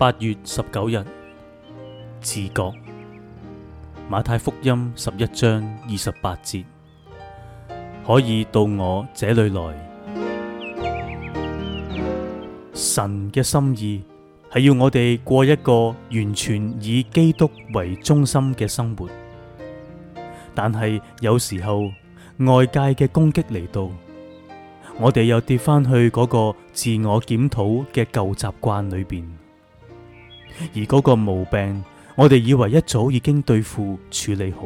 八月十九日，自覺馬太福音十一章二十八節，可以到我這裏來。神嘅心意係要我哋過一個完全以基督為中心嘅生活，但係有時候外界嘅攻擊嚟到我哋又跌翻去嗰個自我檢討嘅舊習慣裏邊。而嗰個毛病，我哋以為一早已經對付處理好。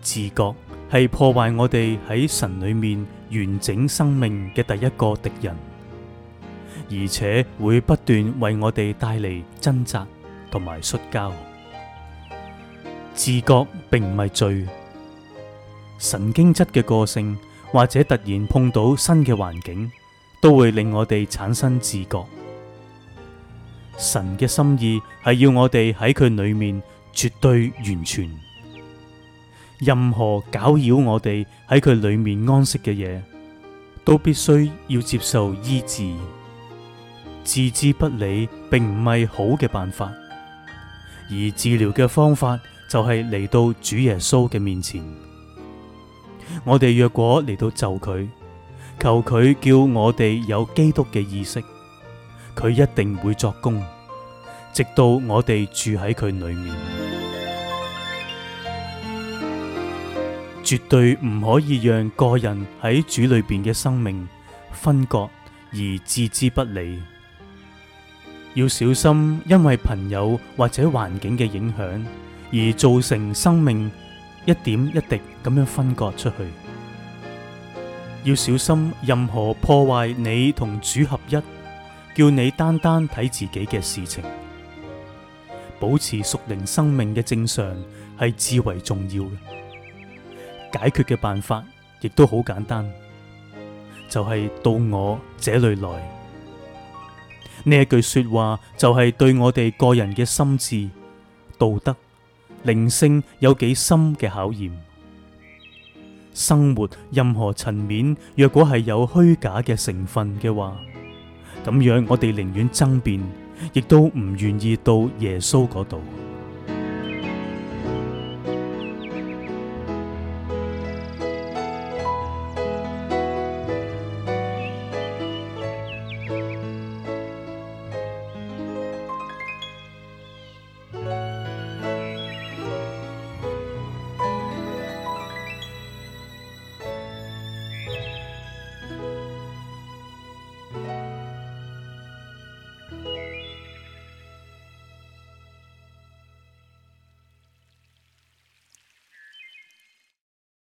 自覺係破壞我哋喺神裏面完整生命嘅第一個敵人，而且會不斷為我哋帶嚟掙扎同埋摔跤。自覺並唔係罪。神經質嘅個性或者突然碰到新嘅環境，都會令我哋產生自覺。神嘅心意係要我哋喺佢裏面絕對完全，任何攪擾我哋喺佢裏面安息嘅嘢，都必須要接受醫治。置之不理並唔係好嘅辦法，而治療嘅方法就係嚟到主耶穌嘅面前。我哋若果嚟到就佢，求佢叫我哋有基督嘅意識。佢一定會作工，直到我哋住喺佢裏面，絕對唔可以讓個人喺主裏邊嘅生命分割而置之不理。要小心，因為朋友或者環境嘅影響而造成生命一點一滴咁樣分割出去。要小心任何破壞你同主合一。叫你單單睇自己嘅事情，保持屬靈生命嘅正常係至為重要嘅。解決嘅辦法亦都好簡單，就係到我這裏來。呢一句說話就係對我哋個人嘅心智、道德、靈性有幾深嘅考驗。生活任何層面，若果係有虛假嘅成分嘅話，咁樣我寧願，我哋寧願爭辯，亦都唔願意到耶穌嗰度。